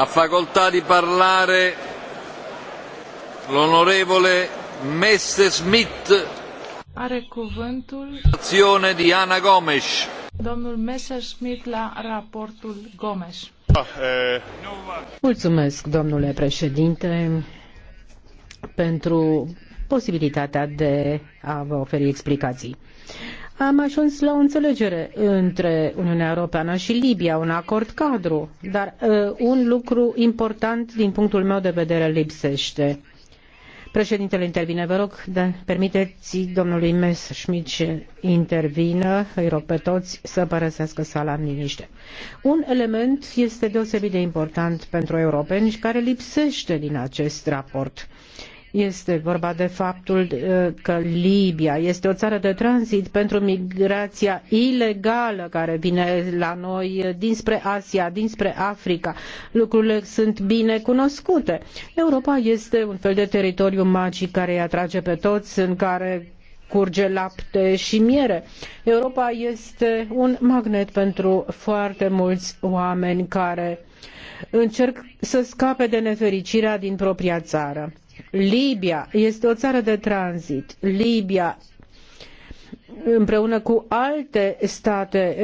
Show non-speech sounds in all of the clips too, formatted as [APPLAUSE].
Ha facoltà di parlare l'onorevole Messerschmidt. Are cuvântul Azione di Ana Gomes. Domnul Messerschmidt la raportul Gomes. Ah, eh. Mulțumesc, domnule președinte, pentru posibilitatea de a vă oferi explicații am ajuns la o înțelegere între Uniunea Europeană și Libia, un acord cadru, dar uh, un lucru important din punctul meu de vedere lipsește. Președintele intervine, vă rog, de, da, permiteți domnului Messerschmidt să intervină, îi rog pe toți să părăsească sala în liniște. Un element este deosebit de important pentru europeni și care lipsește din acest raport este vorba de faptul uh, că Libia este o țară de tranzit pentru migrația ilegală care vine la noi uh, dinspre Asia, dinspre Africa. Lucrurile sunt bine cunoscute. Europa este un fel de teritoriu magic care îi atrage pe toți, în care curge lapte și miere. Europa este un magnet pentru foarte mulți oameni care încerc să scape de nefericirea din propria țară. Libia este o țară de tranzit. Libia împreună cu alte state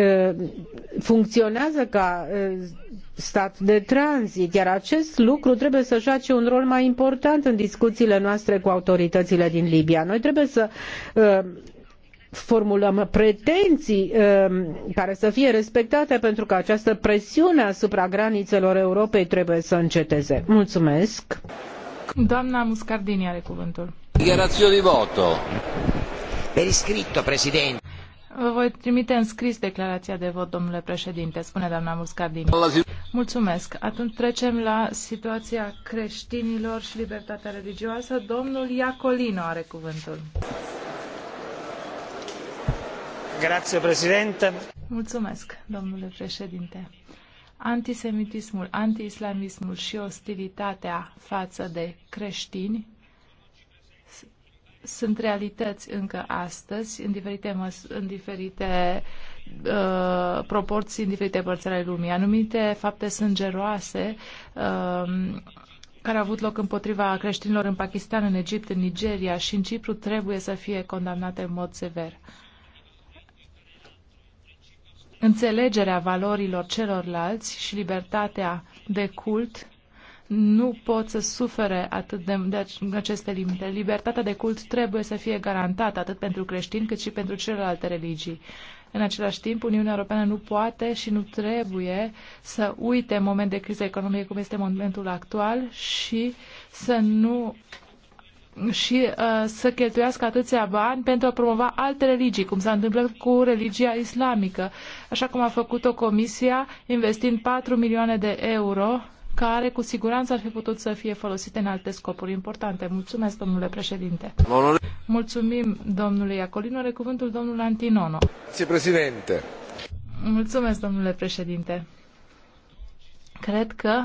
funcționează ca stat de tranzit, iar acest lucru trebuie să joace un rol mai important în discuțiile noastre cu autoritățile din Libia. Noi trebuie să formulăm pretenții care să fie respectate pentru că această presiune asupra granițelor Europei trebuie să înceteze. Mulțumesc! Doamna Muscardini are cuvântul. Dichiarazione di voto. Per iscritto, Presidente. Vă voi trimite în scris declarația de vot, domnule președinte, spune doamna Muscardini. Mulțumesc. Atunci trecem la situația creștinilor și libertatea religioasă. Domnul Iacolino are cuvântul. Grazie, președinte. Mulțumesc, domnule președinte. Antisemitismul, antiislamismul și ostilitatea față de creștini sunt realități încă astăzi, în diferite, măs- în diferite uh, proporții, în diferite părți ale lumii. Anumite fapte sângeroase uh, um, care au avut loc împotriva creștinilor în Pakistan, în Egipt, în Nigeria și în Cipru trebuie să fie condamnate în mod sever înțelegerea valorilor celorlalți și libertatea de cult nu pot să sufere atât de, de aceste limite. Libertatea de cult trebuie să fie garantată atât pentru creștini cât și pentru celelalte religii. În același timp, Uniunea Europeană nu poate și nu trebuie să uite moment de criză economică cum este momentul actual și să nu și uh, să cheltuiască atâția bani pentru a promova alte religii, cum s-a întâmplat cu religia islamică, așa cum a făcut-o comisia investind 4 milioane de euro care cu siguranță ar fi putut să fie folosite în alte scopuri importante. Mulțumesc, domnule președinte. Mulțumim, domnule Iacolino. Are cuvântul domnul Antinono. Mulțumesc, președinte. Mulțumesc, domnule președinte. Cred că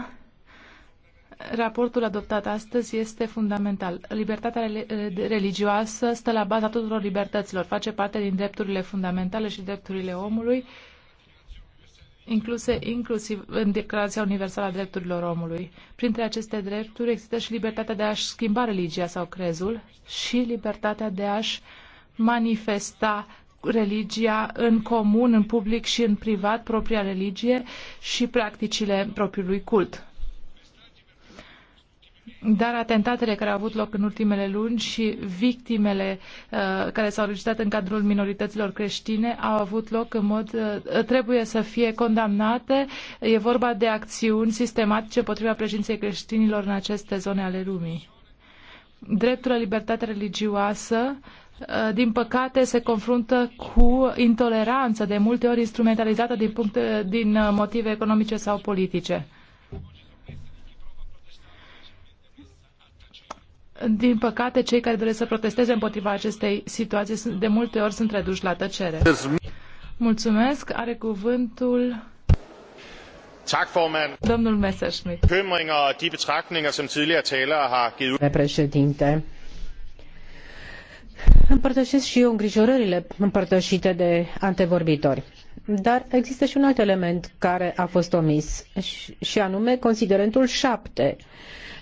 raportul adoptat astăzi este fundamental. Libertatea eh, religioasă stă la baza tuturor libertăților, face parte din drepturile fundamentale și drepturile omului, incluse inclusiv în Declarația Universală a Drepturilor Omului. Printre aceste drepturi există și libertatea de a-și schimba religia sau crezul și libertatea de a-și manifesta religia în comun, în public și în privat, propria religie și practicile propriului cult. Dar atentatele care au avut loc în ultimele luni și victimele uh, care s-au registrat în cadrul minorităților creștine au avut loc în mod uh, trebuie să fie condamnate. E vorba de acțiuni sistematice împotriva prezenței creștinilor în aceste zone ale lumii. Dreptul la libertate religioasă uh, din păcate, se confruntă cu intoleranță, de multe ori instrumentalizată din, punct, din uh, motive economice sau politice. Din păcate, cei care doresc să protesteze împotriva acestei situații de multe ori sunt reduși la tăcere. Mulțumesc. Are cuvântul domnul Messerschmidt. Președinte, împărtășesc și eu îngrijorările împărtășite de antevorbitori. Dar există și un alt element care a fost omis, și anume considerentul 7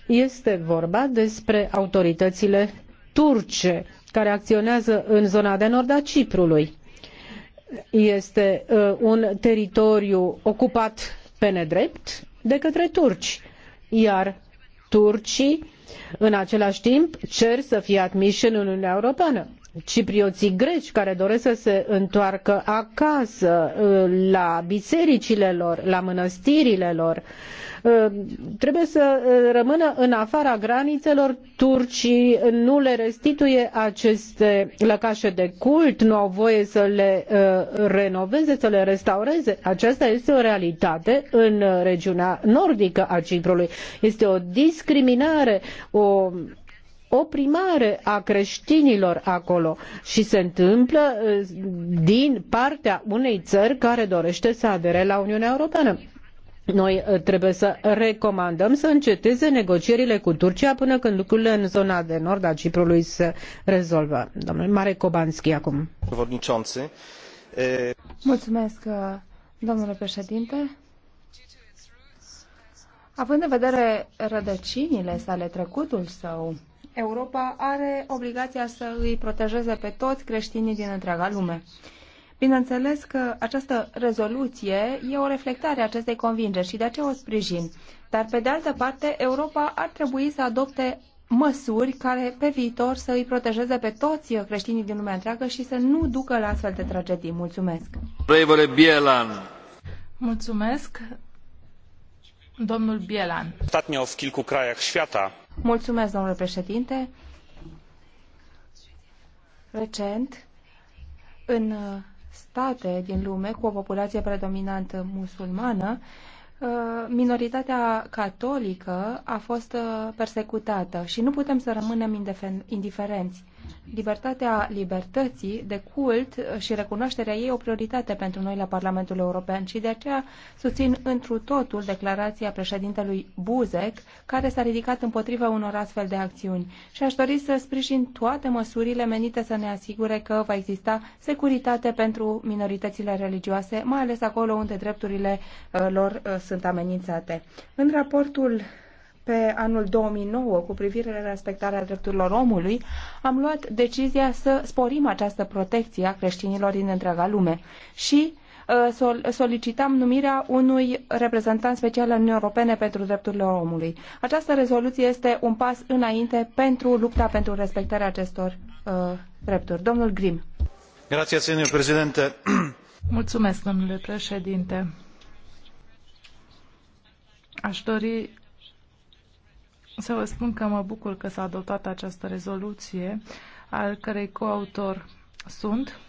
este vorba despre autoritățile turce care acționează în zona de nord a Ciprului. Este uh, un teritoriu ocupat pe nedrept de către turci, iar turcii în același timp cer să fie admiși în Uniunea Europeană ciprioții greci care doresc să se întoarcă acasă, uh, la bisericile lor, la mănăstirile lor. Uh, trebuie să uh, rămână în afara granițelor. Turcii nu le restituie aceste lăcașe de cult, nu au voie să le renoveze, să le restaureze. Aceasta este o realitate în regiunea nordică a Ciprului. Este o discriminare, o oprimare a creștinilor acolo și se întâmplă uh, din partea unei țări care dorește să adere la Uniunea Europeană. Noi uh, trebuie să recomandăm să înceteze negocierile cu Turcia până când lucrurile în zona de nord a Ciprului se rezolvă. domnule Mare Kobanski acum. Mulțumesc, uh, domnule președinte. Având în vedere rădăcinile sale, trecutul său, Europa are obligația să îi protejeze pe toți creștinii din întreaga lume. Bineînțeles că această rezoluție e o reflectare a acestei convingeri și de aceea o sprijin. Dar, pe de altă parte, Europa ar trebui să adopte măsuri care pe viitor să îi protejeze pe toți creștinii din lumea întreagă și să nu ducă la astfel de tragedii. Mulțumesc! Mulțumesc! Domnul Bielan. Ostatnio w kilku krajach świata. Mulțumesc, domnule președinte. Recent, în state din lume cu o populație predominant musulmană, Uh, minoritatea catolică a fost uh, persecutată și nu putem să rămânem indiferenți. Libertatea libertății de cult uh, și recunoașterea ei o prioritate pentru noi la Parlamentul European și de aceea susțin întru totul declarația președintelui Buzek, care s-a ridicat împotriva unor astfel de acțiuni. Și aș dori să sprijin toate măsurile menite să ne asigure că va exista securitate pentru minoritățile religioase, mai ales acolo unde drepturile lor sunt amenințate. În raportul pe anul 2009 cu privire la respectarea drepturilor omului, am luat decizia să sporim această protecție a creștinilor din întreaga lume și uh, solicitam numirea unui reprezentant special al Uniunii Europene pentru drepturile omului. Această rezoluție este un pas înainte pentru lupta pentru respectarea acestor uh, drepturi. Domnul Grim. Grazie, Mulțumesc, domnule președinte. Aș dori să vă spun că mă bucur că s-a adoptat această rezoluție, al cărei coautor sunt,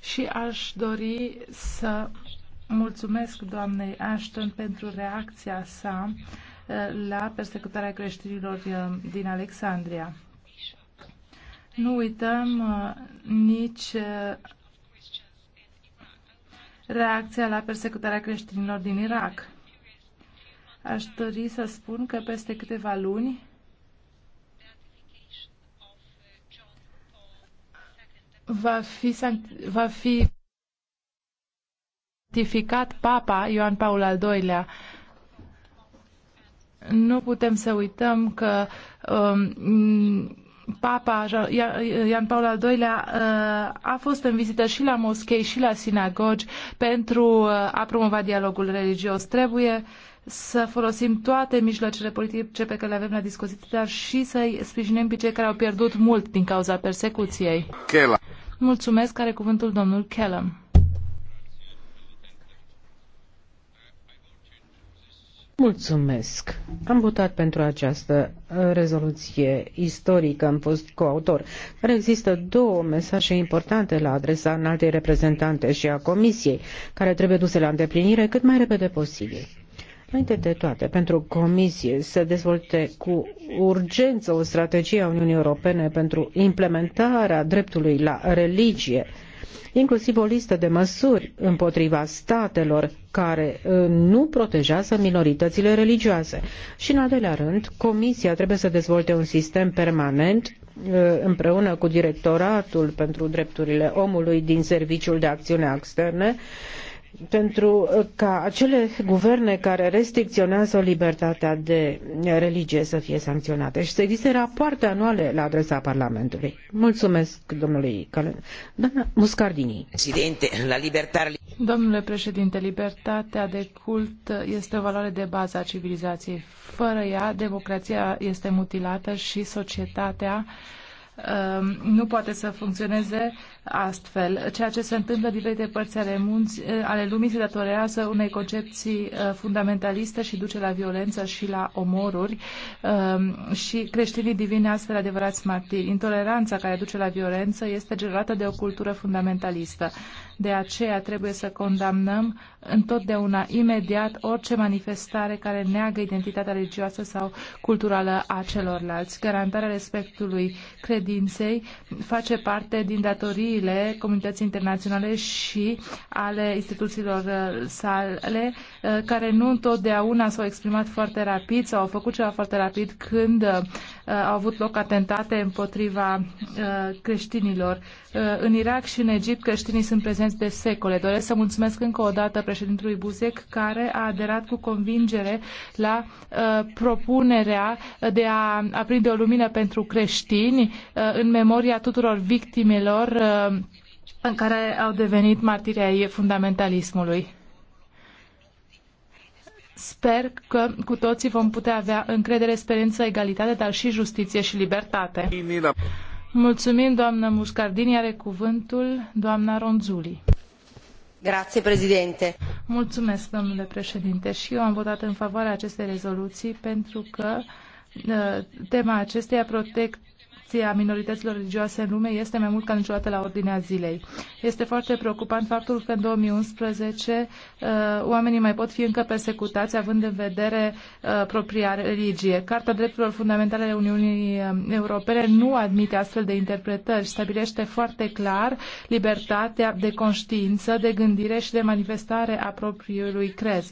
și aș dori să mulțumesc doamnei Ashton pentru reacția sa uh, la persecutarea creștinilor uh, din Alexandria. Nu uităm uh, nici reacția la persecutarea creștinilor din Irak. Aș dori să spun că peste câteva luni va fi, va fi santificat Papa Ioan Paul al II-lea. Nu putem să uităm că um, Papa Ioan Paul al II-lea uh, a fost în vizită și la moschei și la sinagogi pentru uh, a promova dialogul religios. Trebuie uh, să folosim toate mijloacele politice pe care le avem la dispoziție, dar și să-i sprijinim pe cei care au pierdut mult din cauza persecuției. Kela. Mulțumesc, are cuvântul domnul Kellam. Mulțumesc. Am votat pentru această uh, rezoluție istorică, am fost coautor. Dar există două mesaje importante la adresa înaltei reprezentante și a Comisiei, care trebuie duse la îndeplinire cât mai repede posibil. Înainte de toate, pentru Comisie să dezvolte cu urgență o strategie a Uniunii Europene pentru implementarea dreptului la religie, inclusiv o listă de măsuri împotriva statelor care uh, nu protejează minoritățile religioase. Și în al doilea rând, Comisia trebuie să dezvolte un sistem permanent uh, împreună cu Directoratul pentru Drepturile Omului din Serviciul de Acțiune Externe pentru uh, ca acele guverne care restricționează libertatea de religie să fie sancționate și să existe rapoarte anuale la adresa Parlamentului. Mulțumesc domnului Calen. Doamna Muscardini. Presidente, la libertar... Domnule președinte, libertatea de cult este o valoare de bază a civilizației. Fără ea, democrația este mutilată și societatea uh, Um, nu poate să funcționeze astfel. Ceea ce se întâmplă din diferite părți ale, munți, uh, ale lumii se datorează unei concepții uh, fundamentaliste și duce la violență și la omoruri um, și creștinii divine astfel adevărați martiri. Intoleranța care duce la violență este generată de o cultură fundamentalistă. De aceea trebuie să condamnăm întotdeauna imediat orice manifestare care neagă identitatea religioasă sau culturală a celorlalți. Garantarea respectului credinței face parte din datoriile comunității internaționale și ale instituțiilor uh, sale, uh, care nu întotdeauna s-au exprimat foarte rapid sau au făcut ceva foarte rapid când uh, Uh, au avut loc atentate împotriva uh, creștinilor. Uh, în Irak și în Egipt creștinii sunt prezenți de secole. Doresc să mulțumesc încă o dată președintelui Buzek care a aderat cu convingere la propunerea de a aprinde o lumină pentru creștini în memoria tuturor victimelor în care au devenit martiri ai fundamentalismului. Sper că cu toții vom putea avea încredere, speranță, egalitate, dar și justiție și libertate. Mulțumim, doamnă Muscardini. Are cuvântul doamna Ronzuli. Grazie, președinte. Mulțumesc, domnule președinte. Și eu am votat în favoarea acestei rezoluții pentru că uh, tema acesteia protect, a minorităților religioase în lume este mai mult ca niciodată la ordinea zilei. Este foarte preocupant faptul că în 2011 uh, oamenii mai pot fi încă persecutați având în vedere uh, propria religie. Carta drepturilor fundamentale ale Uniunii uh, Europene nu admite astfel de interpretări. Stabilește foarte clar libertatea de conștiință, de gândire și de manifestare a propriului crez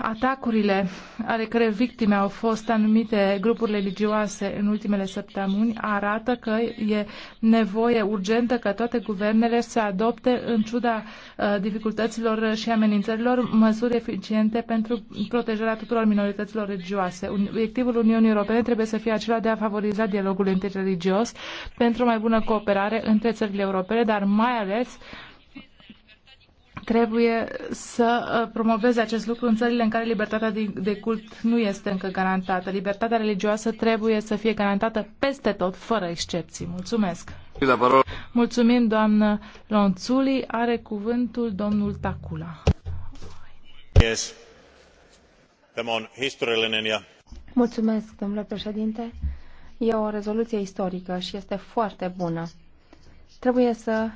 atacurile ale căror victime au fost anumite grupuri religioase în ultimele săptămâni arată că e nevoie urgentă ca toate guvernele să adopte, în ciuda uh, dificultăților și amenințărilor, măsuri eficiente pentru protejarea tuturor minorităților religioase. Obiectivul Uniunii Europene trebuie să fie acela de a favoriza dialogul interreligios pentru o mai bună cooperare între țările europene, dar mai ales trebuie să uh, promoveze acest lucru în țările în care libertatea de cult nu este încă garantată. Libertatea religioasă trebuie să fie garantată peste tot, fără excepții. Mulțumesc! Mulțumim, doamnă Lonțuli. Are cuvântul domnul Tacula. Yes. Tämä on historiallinen ja... Mulțumesc, domnule președinte. E o rezoluție istorică și este foarte bună. Trebuie să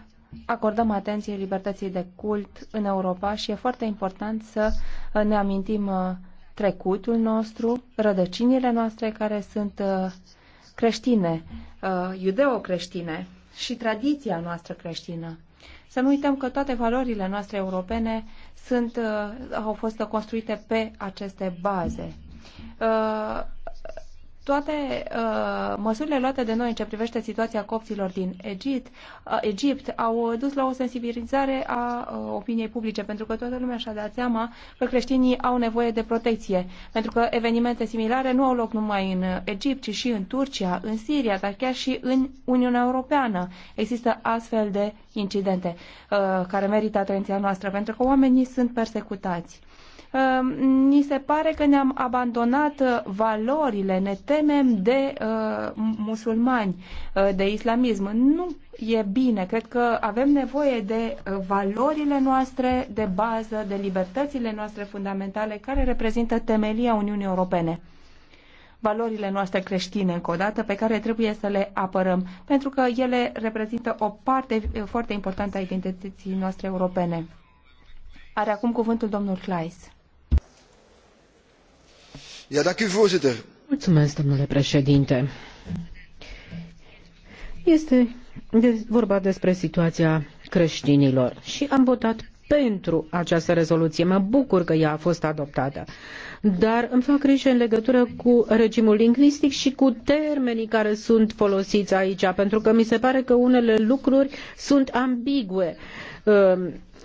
acordăm atenție libertății de cult în Europa și e foarte important să uh, ne amintim uh, trecutul nostru, rădăcinile noastre care sunt uh, creștine, iudeo-creștine și tradiția noastră creștină. Să nu uităm că toate valorile noastre europene sunt, au fost construite pe aceste baze toate uh, măsurile luate de noi în ce privește situația copților din Egipt, uh, Egipt au dus la o sensibilizare a uh, opiniei publice, pentru că toată lumea și-a dat seama că creștinii au nevoie de protecție, pentru că evenimente similare nu au loc numai în Egipt, ci și în Turcia, în Siria, dar chiar și în Uniunea Europeană. Există astfel de incidente uh, care merită atenția noastră, pentru că oamenii sunt persecutați Ehm, ni se pare că ne-am abandonat uh, valorile, ne temem de uh, musulmani, uh, de islamism. Nu e bine. Cred că avem nevoie de valorile noastre de bază, de libertățile noastre fundamentale care reprezintă temelia Uniunii Europene. Valorile noastre creștine, încă o dată, pe care trebuie să le apărăm, pentru că ele reprezintă o parte foarte importantă a identității noastre europene. Are acum cuvântul domnul Kleis domnule președinte. Este vorba despre situația creștinilor și am votat pentru această rezoluție. Mă bucur că ea a fost adoptată. Dar îmi fac grijă în legătură cu regimul lingvistic și cu termenii care sunt folosiți aici, pentru că mi se pare că unele lucruri sunt ambigue. Ă,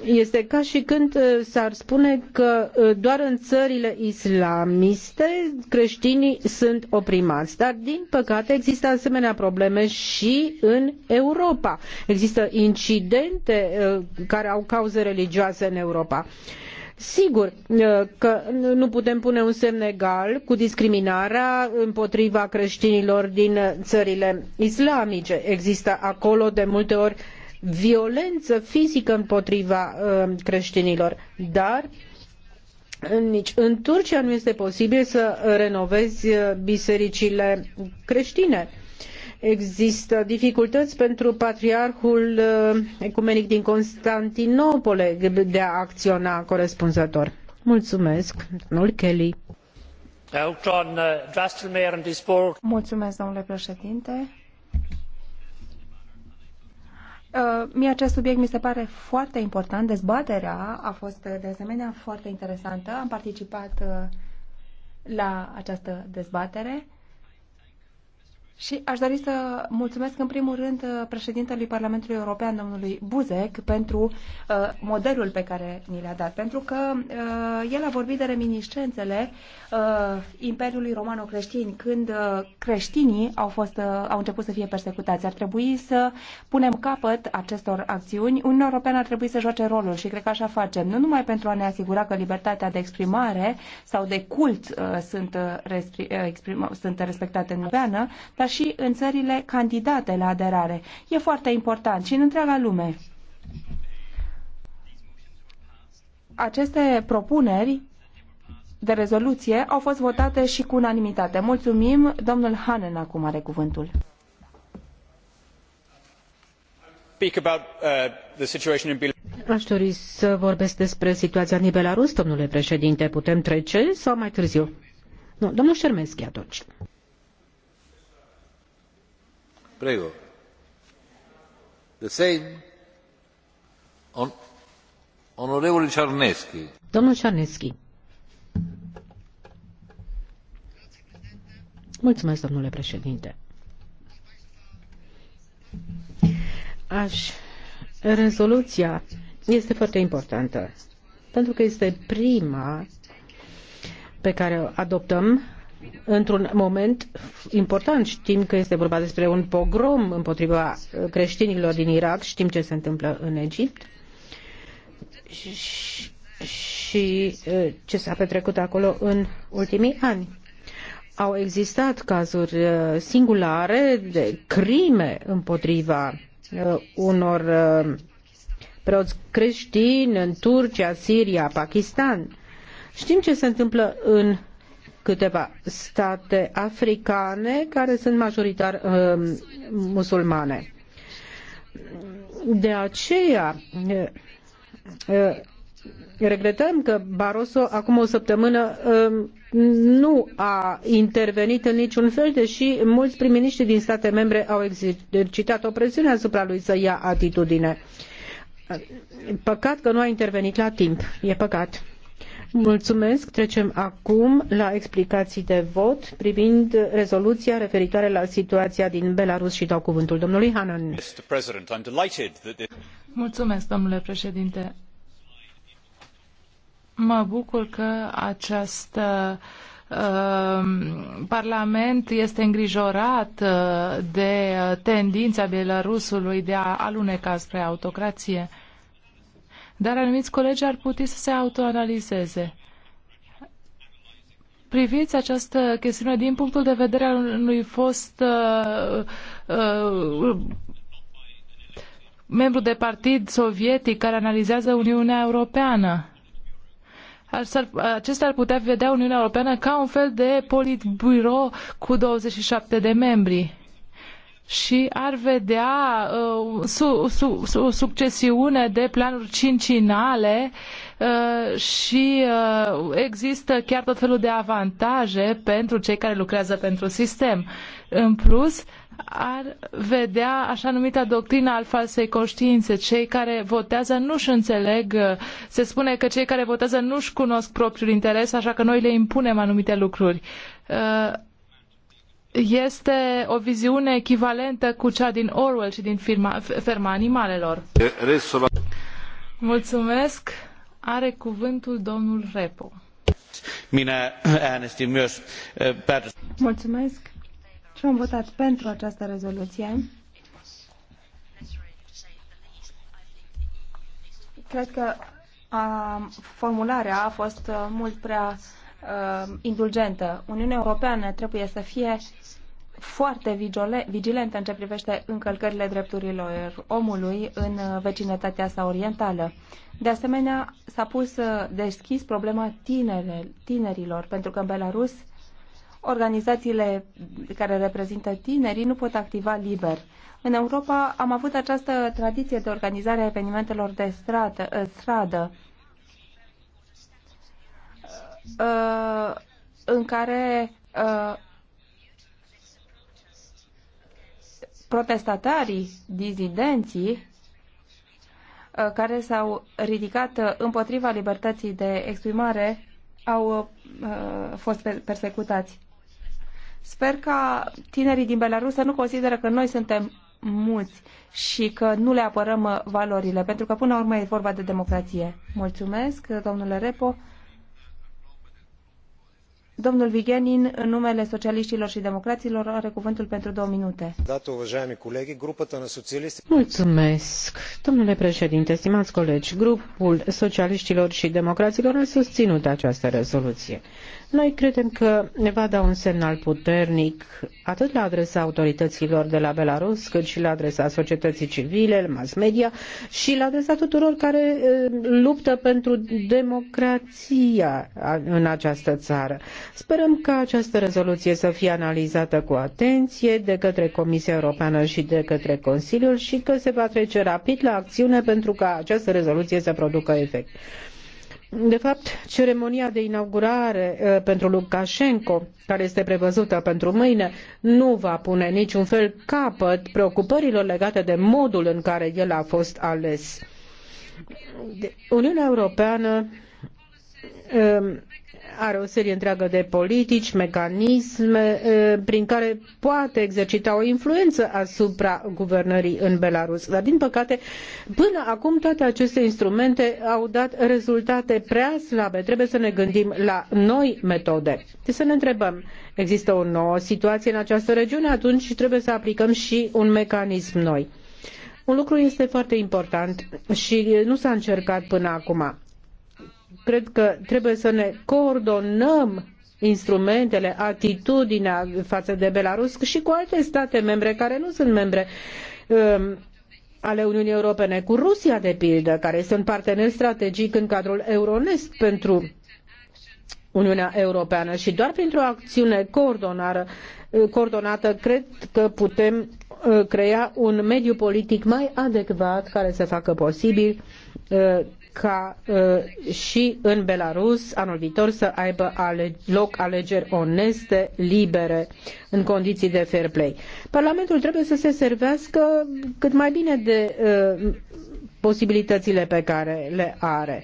este ca și când uh, s-ar spune că uh, doar în țările islamiste creștinii sunt oprimați. Dar, din păcate, există asemenea probleme și în Europa. Există incidente uh, care au cauze religioase în Europa. Sigur că nu putem pune un semn egal cu discriminarea împotriva creștinilor din țările islamice. Există acolo de multe ori violență fizică împotriva uh, creștinilor, dar nici în Turcia nu este posibil să renovezi uh, bisericile creștine. Există dificultăți pentru patriarhul uh, ecumenic din Constantinopole de a acționa corespunzător. Mulțumesc, domnul Kelly. Mulțumesc, domnule președinte. Uh, mie acest subiect mi se pare foarte important. Dezbaterea a fost uh, de asemenea foarte interesantă. Am participat uh, la această dezbatere și aș dori să mulțumesc în primul rând uh, președintelui Parlamentului European, domnului Buzek, pentru uh, modelul pe care ni l-a dat, pentru că uh, el a vorbit de reminiscențele uh, Imperiului Romano-Creștin, când uh, creștinii au, fost, uh, au început să fie persecutați. Ar trebui să punem capăt acestor acțiuni. Uniunea Europeană ar trebui să joace rolul și cred că așa facem, nu numai pentru a ne asigura că libertatea de exprimare sau de cult uh, sunt, uh, uh, sunt respectate în Europeană, dar dar și în țările candidate la aderare. E foarte important și în întreaga lume. Aceste propuneri de rezoluție au fost votate și cu unanimitate. Mulțumim. Domnul Hanen acum are cuvântul. Uh, Aș dori să vorbesc despre situația din Belarus, domnule președinte. Putem trece sau mai târziu? Nu, domnul Șermeschi atunci. Prego. The same. On, onorevole Cerneschi. Domnul Cerneschi. Mulțumesc, domnule președinte. Aș... Rezoluția este foarte importantă, pentru că este prima pe care o adoptăm într-un moment important. Știm că este vorba despre un pogrom împotriva uh, creștinilor din Irak, știm ce se întâmplă în Egipt și, și uh, ce s-a petrecut acolo în ultimii ani. Au existat cazuri uh, singulare de crime împotriva unor preoți creștini în Turcia, Siria, Pakistan. Știm ce se întâmplă în câteva state africane care sunt majoritar uh, musulmane. De aceea uh, regretăm că Barroso acum o săptămână um, nu a intervenit în niciun fel, deși mulți prim din state membre au exercitat o presiune asupra lui să ia atitudine. Păcat că nu a intervenit la timp. E păcat. Mulțumesc. Trecem acum la explicații de vot privind rezoluția referitoare la situația din Belarus și dau cuvântul domnului Hanan. Mulțumesc, domnule președinte. Mă bucur că această uh, Parlament este îngrijorat uh, de uh, tendința Belarusului de a aluneca spre autocrație dar anumiți colegi ar putea să se autoanalizeze. Priviți această chestiune din punctul de vedere al unui fost uh, uh, membru de partid sovietic care analizează Uniunea Europeană. Acesta ar putea vedea Uniunea Europeană ca un fel de politburo cu 27 de membri și ar vedea uh, su, su, su, o succesiune de planuri cincinale uh, și uh, există chiar tot felul de avantaje pentru cei care lucrează pentru sistem. În plus, ar vedea așa numita doctrina al falsei conștiințe. Cei care votează nu-și înțeleg, uh, se spune că cei care votează nu-și cunosc propriul interes, așa că noi le impunem anumite lucruri. Uh, este o viziune echivalentă cu cea din Orwell și din firma, ferma animalelor. Mulțumesc. Are cuvântul domnul Repo. Minä äänestin myös päätös. Mulțumesc. Și am votat pentru această rezoluție. Cred că a, formularea a fost uh, mult prea a, uh, indulgentă. Uniunea Europeană trebuie să fie foarte vigilente în ce privește încălcările drepturilor omului în vecinătatea sa orientală. De asemenea, s-a pus uh, deschis problema tinere, tinerilor, pentru că în Belarus organizațiile care reprezintă tinerii nu pot activa liber. În Europa am avut această tradiție de organizare a evenimentelor de uh, stradă. stradă uh, în care protestatarii, dizidenții, uh, care s-au ridicat uh, împotriva libertății de exprimare au uh, fost persecutați. Sper ca tinerii din Belarus să nu consideră că noi suntem mulți și că nu le apărăm valorile, pentru că până la urmă e vorba de democrație. Mulțumesc, domnule Repo. Domnul Vigenin, în numele socialiștilor și democraților, are cuvântul pentru două minute. Mulțumesc, domnule președinte, stimați colegi. Grupul socialiștilor și democraților a susținut această rezoluție. Noi credem că ne va da un semnal puternic atât la adresa autorităților de la Belarus, cât și la adresa societății civile, mass media și la adresa tuturor care eh, luptă pentru democrația în această țară. Sperăm ca această rezoluție să fie analizată cu atenție de către Comisia Europeană și de către Consiliul și că se va trece rapid la acțiune pentru ca această rezoluție să producă efect. De fapt, ceremonia de inaugurare eh, pentru Lukashenko, care este prevăzută pentru mâine, nu va pune niciun fel capăt preocupărilor legate de modul în care el a fost ales. Uniunea Europeană eh, are o serie întreagă de politici, mecanisme prin care poate exercita o influență asupra guvernării în Belarus. Dar, din păcate, până acum toate aceste instrumente au dat rezultate prea slabe. Trebuie să ne gândim la noi metode. Deci să ne întrebăm, există o nouă situație în această regiune, atunci trebuie să aplicăm și un mecanism noi. Un lucru este foarte important și nu s-a încercat până acum cred că trebuie să ne coordonăm instrumentele, atitudinea față de Belarus și cu alte state membre care nu sunt membre um, ale Uniunii Europene, cu Rusia, de pildă, care este un partener strategic în cadrul euronesc pentru Uniunea Europeană și doar printr-o acțiune coordonată cred că putem uh, crea un mediu politic mai adecvat care să facă posibil uh, ca uh, și în Belarus anul viitor să aibă ale, loc alegeri oneste, libere, în condiții de fair play. Parlamentul trebuie să se servească cât mai bine de uh, posibilitățile pe care le are.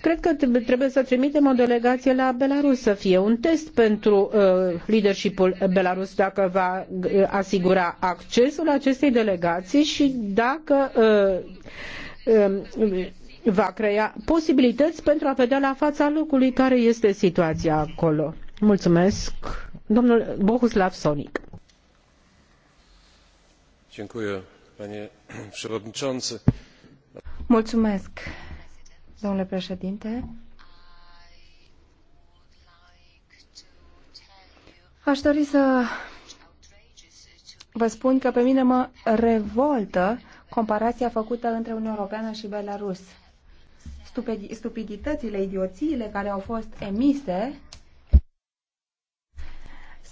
Cred că trebuie să trimitem o delegație la Belarus să fie un test pentru uh, leadershipul Belarus dacă va uh, asigura accesul acestei delegații și dacă uh, uh, va crea posibilități pentru a vedea la fața locului care este situația acolo. Mulțumesc, domnul Bohuslav Sonic. Mulțumesc, domnule președinte. Aș dori să vă spun că pe mine mă revoltă comparația făcută între Uniunea Europeană și Belarus stupiditățile, idioțiile care au fost emise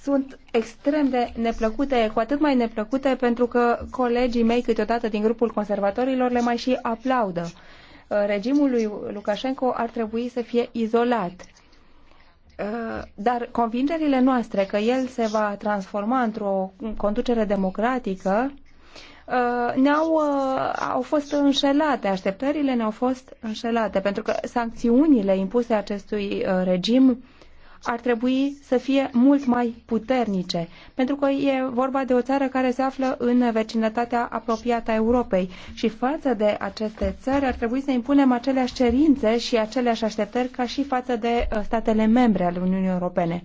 sunt extrem de neplăcute, cu atât mai neplăcute pentru că colegii mei câteodată din grupul conservatorilor le mai și aplaudă. Uh, regimul lui Lukashenko ar trebui să fie izolat. Uh, dar convingerile noastre că el se va transforma într-o conducere democratică Uh, ne-au uh, au fost înșelate, așteptările ne-au fost înșelate, pentru că sancțiunile impuse acestui uh, regim ar trebui să fie mult mai puternice, pentru că e vorba de o țară care se află în vecinătatea apropiată a Europei și față de aceste țări ar trebui să impunem aceleași cerințe și aceleași așteptări ca și față de statele membre ale Uniunii Europene.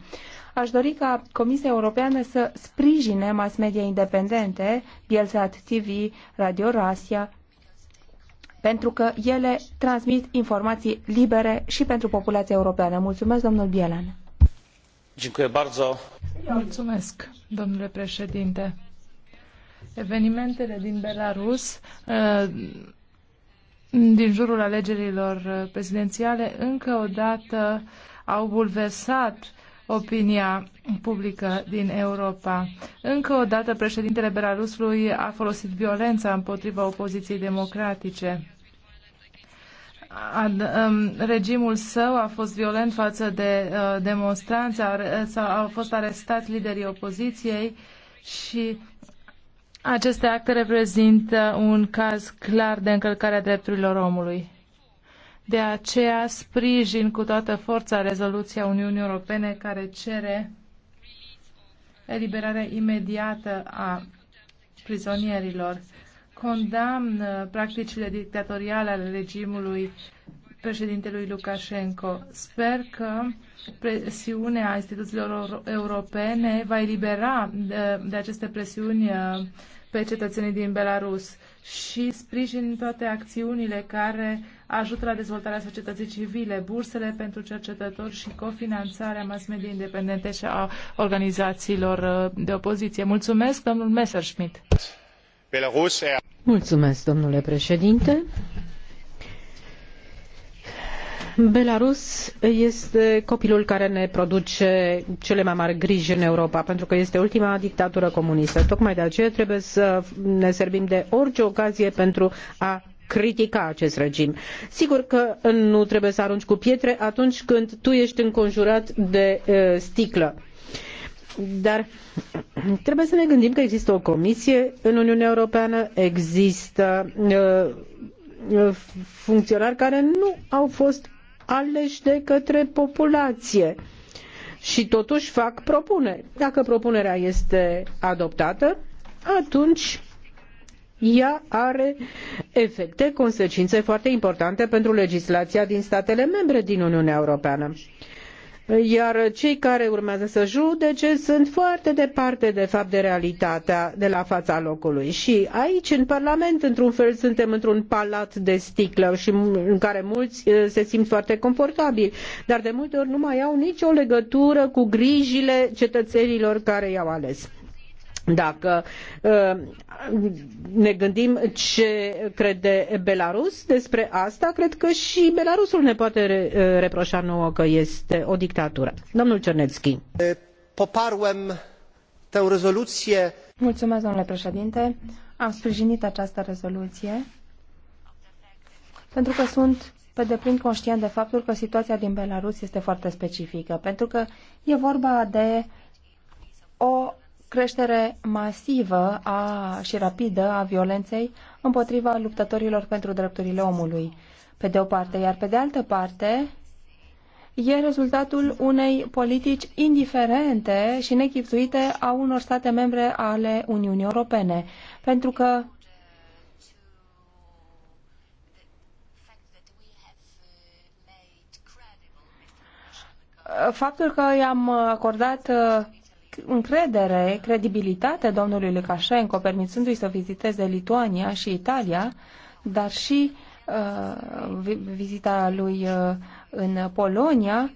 Aș dori ca Comisia Europeană să sprijine mass media independente, Bielsat TV, Radio Rasia, pentru că ele transmit informații libere și pentru populația europeană. Mulțumesc, domnul Bielan. Mulțumesc, domnule președinte. Evenimentele din Belarus uh, din jurul alegerilor uh, prezidențiale încă o dată au bulversat opinia publică din Europa. Încă o dată, președintele Belarusului a folosit violența împotriva opoziției democratice. Ad, um, regimul său a fost violent față de uh, demonstranți, a, au fost arestați liderii opoziției și aceste acte reprezintă un caz clar de încălcare a drepturilor omului. De aceea sprijin cu toată forța rezoluția Uniunii Europene care cere eliberarea imediată a prizonierilor. Condamn uh, practicile dictatoriale ale regimului președintelui Lukashenko. Sper că presiunea instituțiilor europene va elibera de, uh, de aceste presiuni uh, pe cetățenii din Belarus și sprijin toate acțiunile care ajută la dezvoltarea societății civile, bursele pentru cercetători și cofinanțarea mass media independente și a organizațiilor uh, de opoziție. Mulțumesc, domnul Messerschmidt. Mulțumesc, domnule președinte. Belarus este copilul care ne produce cele mai mari griji în Europa, pentru că este ultima dictatură comunistă. Tocmai de aceea trebuie să ne servim de orice ocazie pentru a critica acest regim. Sigur că nu trebuie să arunci cu pietre atunci când tu ești înconjurat de sticlă. Dar trebuie să ne gândim că există o comisie în Uniunea Europeană, există funcționari care nu au fost aleși de către populație și totuși fac propuneri. Dacă propunerea este adoptată, atunci ea are efecte, consecințe foarte importante pentru legislația din statele membre din Uniunea Europeană. Iar cei care urmează să judece sunt foarte departe, de fapt, de realitatea de la fața locului. Și aici, în Parlament, într-un fel, suntem într-un palat de sticlă și în care mulți eh, se simt foarte confortabili, dar de multe ori nu mai au nicio legătură cu grijile cetățenilor care i-au ales. Dacă uh, ne gândim ce crede Belarus despre asta, cred că și Belarusul ne poate uh, reproșa nouă că este o dictatură. Domnul Cernetski. Poparłem tę rezoluție. Mulțumesc, domnule președinte. Am sprijinit această rezoluție pentru că sunt pe deplin conștient de faptul că situația din Belarus este foarte specifică, pentru că e vorba de o creștere masivă a, și rapidă a violenței împotriva luptătorilor pentru drepturile omului, pe de o parte, iar pe de altă parte e rezultatul unei politici indiferente și nechipzuite a unor state membre ale Uniunii Europene, pentru că faptul că i-am acordat încredere, credibilitate domnului Lukashenko, permițându-i să viziteze Lituania și Italia, dar și uh, vizita lui uh, în Polonia,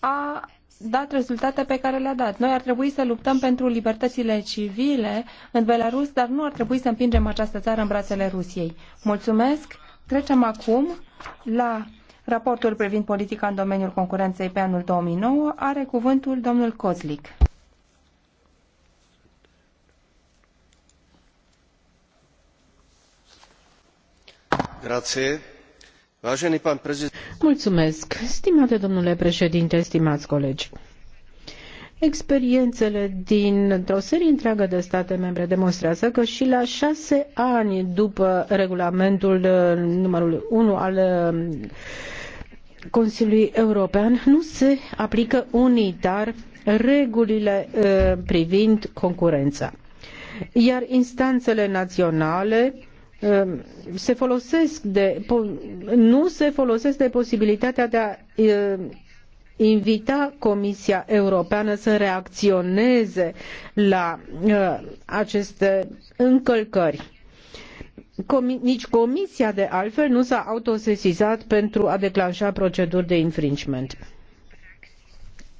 a dat rezultate pe care le-a dat. Noi ar trebui să luptăm pentru libertățile civile în Belarus, dar nu ar trebui să împingem această țară în brațele Rusiei. Mulțumesc! Trecem acum la raportul privind politica în domeniul concurenței pe anul 2009. Are cuvântul domnul Kozlik. Mulțumesc, stimate domnule președinte, stimați colegi. Experiențele dintr-o serie întreagă de state membre demonstrează că și la șase ani după regulamentul uh, numărul 1 al uh, Consiliului European nu se aplică unitar regulile uh, privind concurența. Iar instanțele naționale Um, se folosesc de, nu se folosesc de posibilitatea de a um, invita Comisia Europeană să reacționeze la uh, aceste încălcări. Comi nici Comisia, de altfel, nu s-a autosesizat pentru a declanșa proceduri de infringement.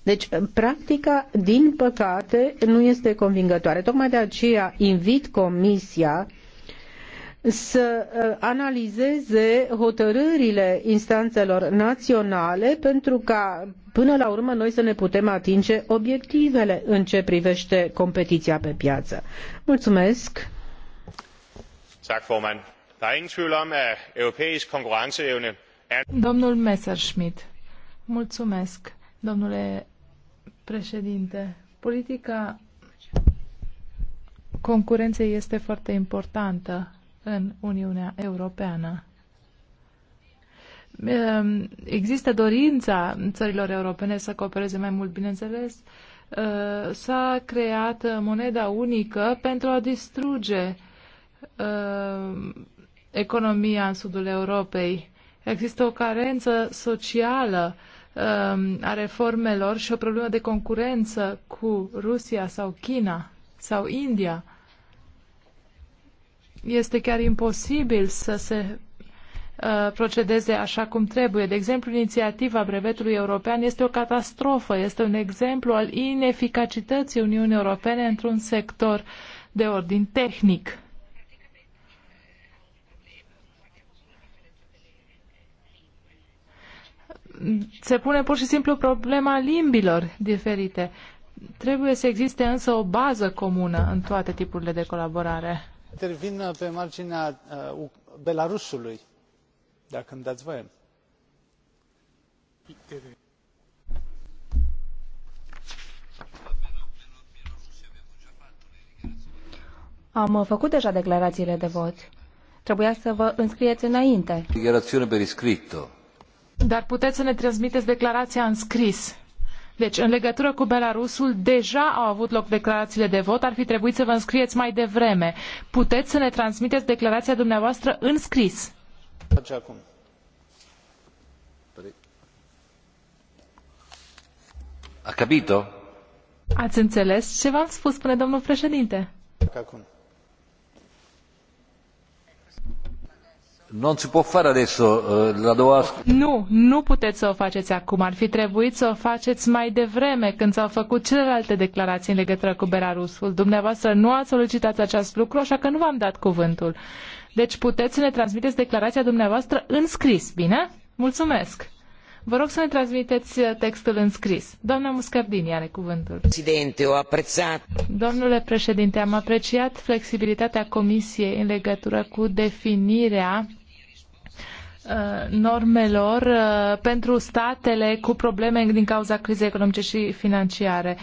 Deci, practica, din păcate, nu este convingătoare. Tocmai de aceea invit Comisia să ă, analizeze hotărârile instanțelor naționale pentru ca până la urmă noi să ne putem atinge obiectivele în ce privește competiția pe piață. Mulțumesc! Tak, formand. Der er ingen tvivl om, at europæisk konkurrenceevne er... Domnul Messerschmidt. Mulțumesc, domnule președinte. Politica concurenței este foarte importantă în Uniunea Europeană. Ehm, există dorința țărilor europene să coopereze mai mult, bineînțeles. Ehm, s-a creat moneda unică pentru a distruge ehm, economia în sudul Europei. Există o carență socială a reformelor și o problemă de concurență cu Rusia sau China sau India este chiar imposibil să se uh, procedeze așa cum trebuie. De exemplu, inițiativa brevetului european este o catastrofă, este un exemplu al ineficacității Uniunii Europene într-un sector de ordin tehnic. Se pune pur și simplu problema limbilor diferite. Trebuie să existe însă o bază comună în toate tipurile de colaborare intervin uh, pe marginea uh, belarusului dacă îmi dai voie. Am uh, făcut deja declarațiile de vot. Trebuia să vă înscrieți înainte. Declarațiune pe Dar puteți să ne transmiteți declarația în scris. Deci, în legătură cu Belarusul, deja au avut loc declarațiile de vot, ar fi trebuit să vă înscrieți mai devreme. Puteți să ne transmiteți declarația dumneavoastră în scris. Acum. A capito? Ați înțeles ce v-am spus, spune domnul președinte. Acum. Non si può fare adesso, eh, la Nu, nu puteți să o faceți acum. Ar fi trebuit să o faceți mai devreme, când s-au făcut celelalte declarații în legătură cu Belarusul. Dumneavoastră nu ați solicitat acest lucru, așa că nu v-am dat cuvântul. Deci puteți să ne transmiteți declarația dumneavoastră în scris, bine? Mulțumesc! Vă rog să ne transmiteți eh, textul în scris. Doamna Muscardini are cuvântul. Presidente, o apreciat. Domnule președinte, am apreciat flexibilitatea comisiei în legătură cu definirea Uh, normelor uh, pentru statele cu probleme din cauza crizei economice și financiare.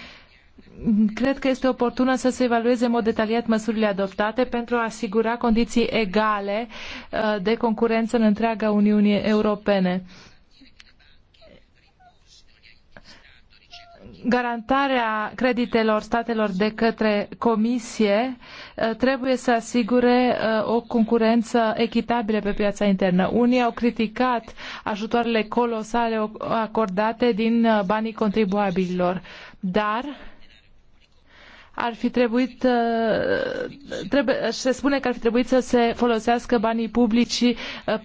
Cred că este oportună să se evalueze în mod detaliat măsurile adoptate pentru a asigura condiții egale uh, de concurență în întreaga Uniune Europene. garantarea creditelor statelor de către Comisie uh, trebuie să asigure uh, o concurență echitabilă pe piața internă. Unii au criticat ajutoarele colosale acordate din uh, banii contribuabililor, dar ar fi trebuit, uh, trebuie, se spune că ar fi trebuit să se folosească banii publici uh,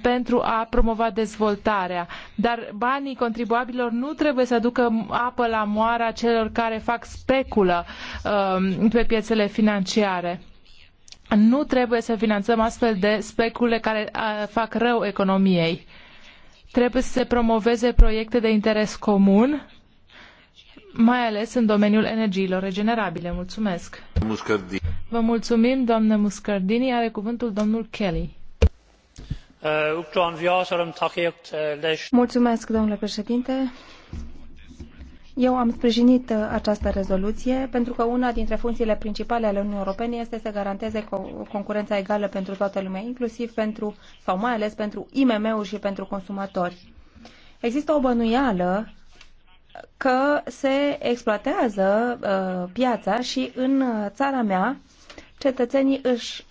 pentru a promova dezvoltarea. Dar banii contribuabilor nu trebuie să aducă apă la moara celor care fac speculă um, pe piețele financiare. Nu trebuie să finanțăm astfel de specule care uh, fac rău economiei. Trebuie să se promoveze proiecte de interes comun mai ales în domeniul energiilor regenerabile. Mulțumesc! Muscardini. Vă mulțumim, doamnă Muscardini. Are cuvântul domnul Kelly. Uh, uh, Mulțumesc, domnule președinte. Eu am sprijinit uh, această rezoluție pentru că una dintre funcțiile principale ale Uniunii Europene este să garanteze concurența egală pentru toată lumea, inclusiv pentru, sau mai ales pentru IMM-uri și pentru consumatori. Există o bănuială că se exploatează uh, piața și în uh, țara mea cetățenii își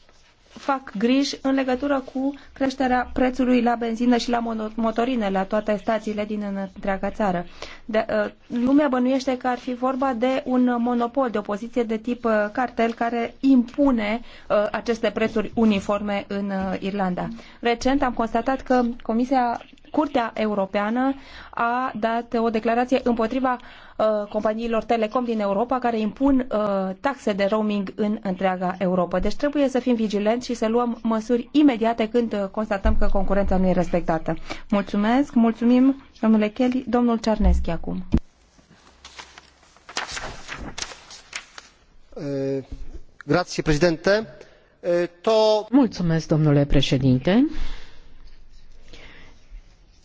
fac griji în legătură cu creșterea prețului la benzină și la motorine la toate stațiile din întreaga țară. De, uh, lumea bănuiește că ar fi vorba de un monopol, de o poziție de tip cartel care impune aceste prețuri uniforme în Irlanda. Recent am constatat că Comisia Curtea Europeană a dat o declarație împotriva uh, companiilor telecom din Europa care impun uh, taxe de roaming în întreaga Europa. Deci trebuie să fim vigilenți și să luăm măsuri imediate când uh, constatăm că concurența nu e respectată. Mulțumesc, mulțumim domnule Kelly, domnul Cerneschi acum. Grazie, președinte. To... Mulțumesc, domnule președinte.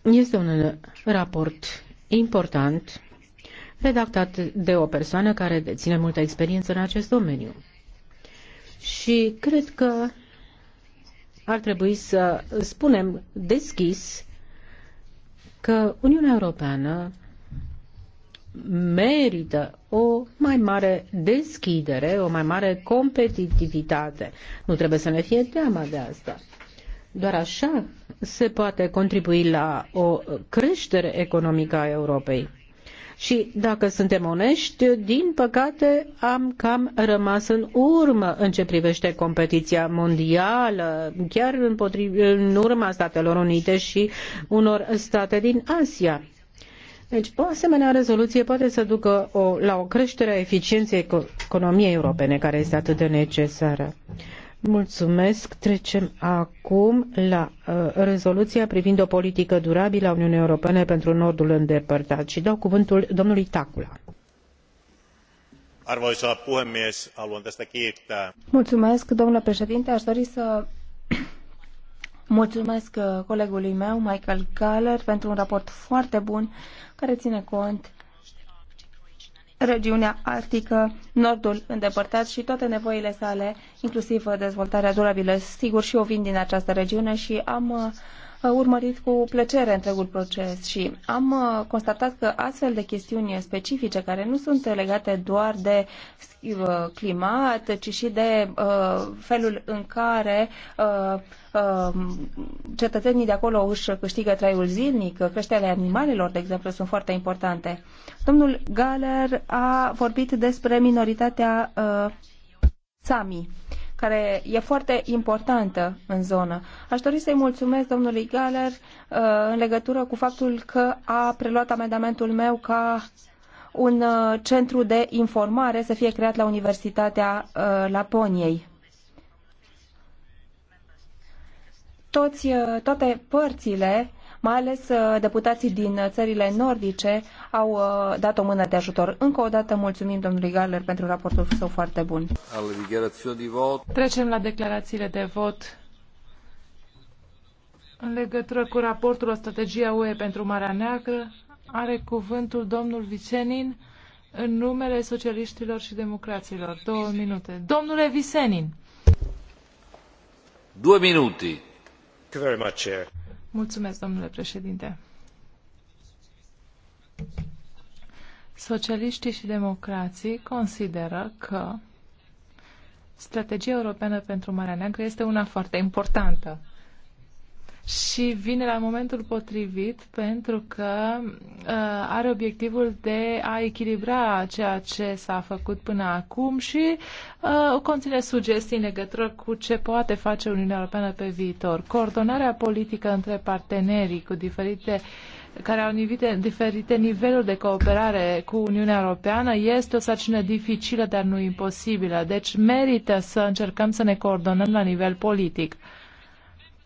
Este un raport important redactat de o persoană care deține multă experiență în acest domeniu. Și cred că ar trebui să spunem deschis că Uniunea Europeană merită o mai mare deschidere, o mai mare competitivitate. Nu trebuie să ne fie teama de asta. Doar așa se poate contribui la o creștere economică a Europei. Și dacă suntem onești, din păcate am cam rămas în urmă în ce privește competiția mondială, chiar în urma Statelor Unite și unor state din Asia. Deci, o asemenea rezoluție poate să ducă o, la o creștere a eficienței economiei europene, care este atât de necesară. Mulțumesc. Trecem acum la uh, rezoluția privind o politică durabilă a Uniunii Europene pentru Nordul îndepărtat și dau cuvântul domnului Tacula. Arvoisa puhemies, haluan tästä kiittää. Mulțumesc, domnule președinte. Aș dori să [CLEARS THROAT] mulțumesc uh, colegului meu, Michael Galler, pentru un raport foarte bun care ține cont regiunea arctică, nordul îndepărtat și toate nevoile sale, inclusiv dezvoltarea durabilă. Sigur, și eu vin din această regiune și am uh, urmărit cu plăcere întregul proces și am uh, constatat că astfel de chestiuni specifice care nu sunt legate doar de uh, climat, ci și de uh, felul în care um, cetățenii de acolo își câștigă traiul zilnic, creșterea animalelor, de exemplu, sunt foarte importante. Domnul Galer a vorbit despre minoritatea Sami care e foarte importantă în zonă. Aș dori să-i mulțumesc domnului Galer uh, în legătură cu faptul că a preluat amendamentul meu ca un uh, centru de informare să fie creat la Universitatea uh, Laponiei. Toți, toate părțile mai ales uh, deputații din țările nordice au uh, dat o mână de ajutor. Încă o dată mulțumim domnului Galler pentru raportul său foarte bun. Trecem la declarațiile de vot în legătură cu raportul o strategia UE pentru Marea Neagră. Are cuvântul domnul Vicenin în numele socialiștilor și democraților. Două minute. Domnule Visenin! Două minute. Thank you very much, Chair. Mulțumesc, domnule președinte. Socialiștii și democrații consideră că strategia europeană pentru Marea Neagră este una foarte importantă și vine la momentul potrivit pentru că uh, are obiectivul de a echilibra ceea ce s-a făcut până acum și uh, conține sugestii în legătură cu ce poate face Uniunea Europeană pe viitor. Coordonarea politică între partenerii cu diferite care au nivite, diferite niveluri de cooperare cu Uniunea Europeană este o sarcină dificilă, dar nu imposibilă. Deci merită să încercăm să ne coordonăm la nivel politic.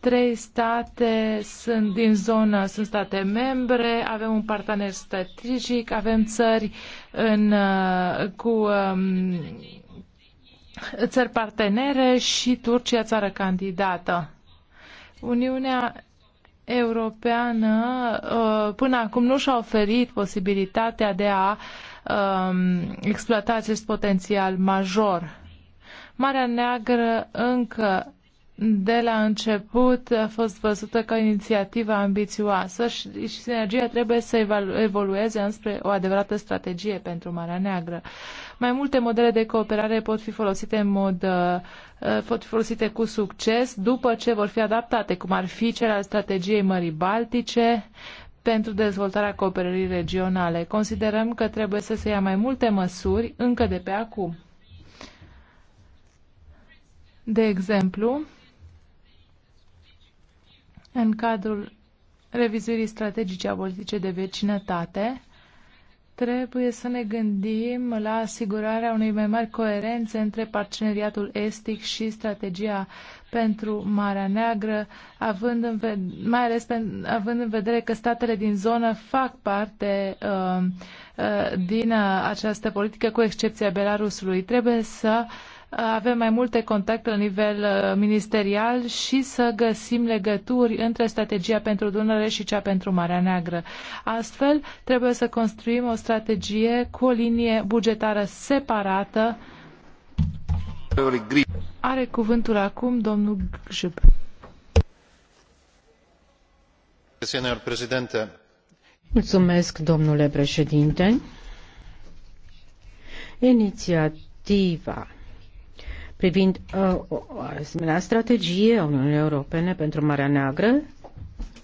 Trei state sunt din zonă, sunt state membre, avem un partener strategic, avem țări în, uh, cu um, țări partenere și Turcia țară candidată. Uniunea Europeană uh, până acum nu și-a oferit posibilitatea de a um, exploata acest potențial major. Marea Neagră încă de la început a fost văzută ca inițiativă ambițioasă și, și sinergia trebuie să evolueze înspre o adevărată strategie pentru Marea Neagră. Mai multe modele de cooperare pot fi folosite în mod uh, uh, pot fi folosite cu succes după ce vor fi adaptate, cum ar fi cele al strategiei Mării Baltice, pentru dezvoltarea cooperării regionale. Considerăm că trebuie să se ia mai multe măsuri încă de pe acum. De exemplu, în cadrul revizuirii strategice a politicii de vecinătate, trebuie să ne gândim la asigurarea unei mai mari coerențe între parteneriatul estic și strategia pentru Marea Neagră, având în vedere, mai ales având în vedere că statele din zonă fac parte uh, uh, din uh, această politică, cu excepția Belarusului. Trebuie să uh, avem mai multe contacte la nivel uh, ministerial și să găsim legături între strategia pentru Dunăre și cea pentru Marea Neagră. Astfel, trebuie să construim o strategie cu o linie bugetară separată. Are cuvântul acum domnul Gjub. Mulțumesc, domnule președinte. Inițiativa privind uh, o asemenea strategie a Uniunii Europene pentru Marea Neagră,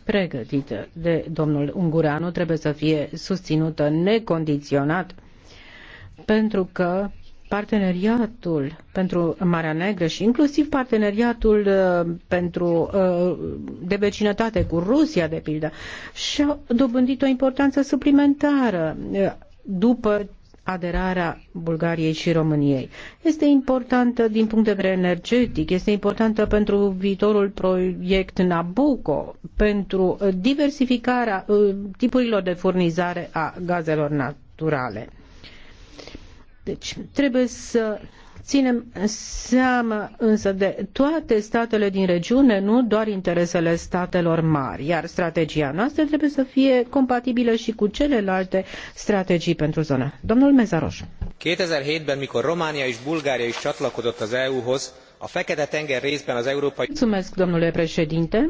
pregătită de domnul Ungureanu, trebuie să fie susținută necondiționat, pentru că parteneriatul pentru Marea Neagră și inclusiv parteneriatul uh, pentru, uh, de vecinătate cu Rusia, de pildă, și-a dobândit o importanță suplimentară uh, după aderarea Bulgariei și României. Este importantă din punct de vedere energetic, este importantă pentru viitorul proiect Nabucco, pentru diversificarea uh, tipurilor de furnizare a gazelor naturale. Deci trebuie să Ținem seama însă de toate statele din regiune, nu doar interesele statelor mari, iar strategia noastră trebuie să fie compatibilă și cu celelalte strategii pentru zonă. Domnul Mezaroș. 2007-ben, mikor Románia és Bulgária is csatlakozott az EU-hoz, a Fekete-tenger részben az európai... Mulțumesc, domnule președinte.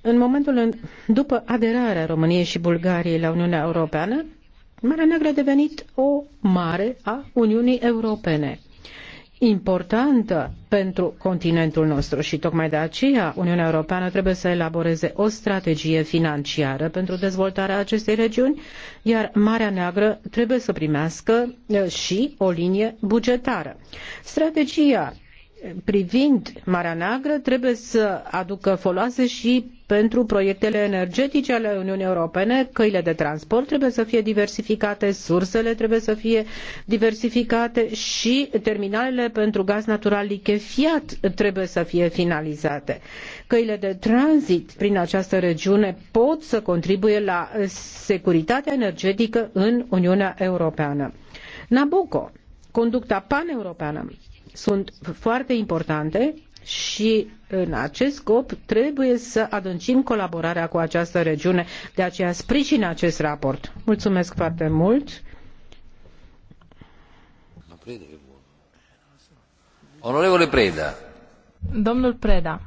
În momentul în, după aderarea României și Bulgariei la Uniunea Europeană, Marea Neagră a devenit o mare a Uniunii Europene importantă pentru continentul nostru și tocmai de aceea Uniunea Europeană trebuie să elaboreze o strategie financiară pentru dezvoltarea acestei regiuni, iar Marea Neagră trebuie să primească și o linie bugetară. Strategia privind Marea Neagră trebuie să aducă foloase și pentru proiectele energetice ale Uniunii Europene, căile de transport trebuie să fie diversificate, sursele trebuie să fie diversificate și terminalele pentru gaz natural lichefiat trebuie să fie finalizate. Căile de tranzit prin această regiune pot să contribuie la securitatea energetică în Uniunea Europeană. Nabucco, conducta paneuropeană, sunt foarte importante și în acest scop trebuie să adâncim colaborarea cu această regiune. De aceea sprijin acest raport. Mulțumesc foarte mult. Onorevole Preda. Domnul Preda.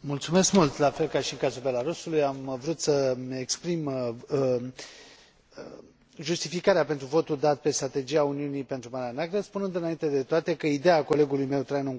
Mulțumesc mult. La fel ca și în cazul Belarusului, am vrut să exprim uh, uh, justificarea pentru votul dat pe strategia uniunii pentru marea neagră spunând înainte de toate că ideea colegului meu traian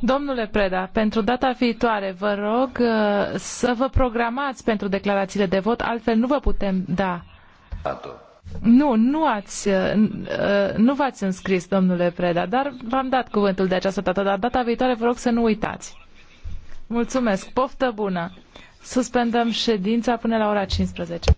Domnule Preda, pentru data viitoare vă rog uh, să vă programați pentru declarațiile de vot, altfel nu vă putem da. Nu, nu ați, uh, uh, nu v-ați înscris, domnule Preda, dar v-am dat cuvântul de această dată, dar data viitoare vă rog să nu uitați. Mulțumesc, poftă bună! Suspendăm ședința până la ora 15.